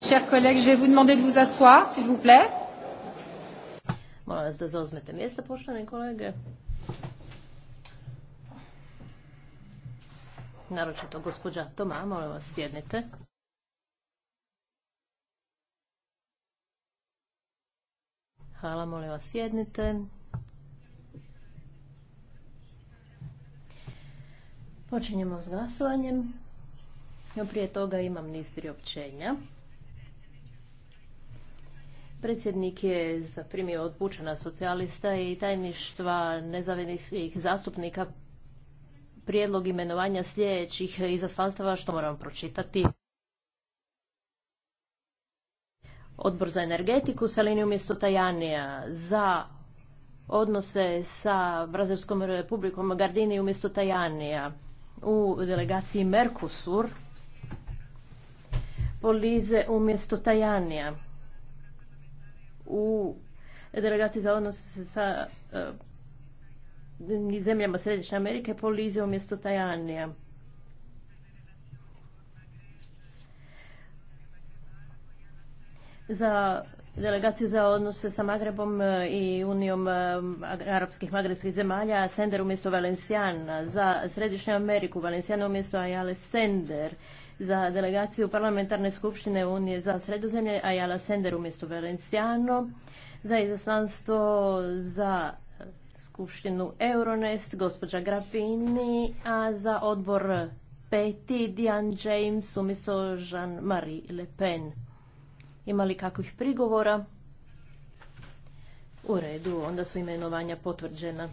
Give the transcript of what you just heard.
Chers collègues, je vais vous demander de vous asseoir, s'il vous plaît. Molim vas da zauzmete mjesta, poštovani kolege. Naročito gospođa Toma, molim vas sjednite. Hvala, molim vas sjednite. Počinjemo s glasovanjem. No prije toga imam niz priopćenja. Predsjednik je zaprimio od socijalista i tajništva nezavednih zastupnika prijedlog imenovanja sljedećih izaslanstava, što moram pročitati. Odbor za energetiku, Salini umjesto Tajanija, za odnose sa Brazilskom republikom Gardini umjesto Tajanija, u delegaciji Mercosur Polize umjesto Tajanija u delegaciji za odnose sa e, zemljama Središnje Amerike Polize umjesto Tajanija. Za delegaciju za odnose sa Magrebom e, i Unijom e, arapskih magrebskih zemalja Sender umjesto Valenciana. Za Središnju Ameriku Valencijana umjesto Ajale Sender za delegaciju Parlamentarne skupštine Unije za sredozemlje Ajala Sender umjesto Valenciano, za izaslanstvo za skupštinu Euronest gospođa Grapini, a za odbor peti Dijan James umjesto Jean-Marie Le Pen. Ima li kakvih prigovora? U redu, onda su imenovanja potvrđena.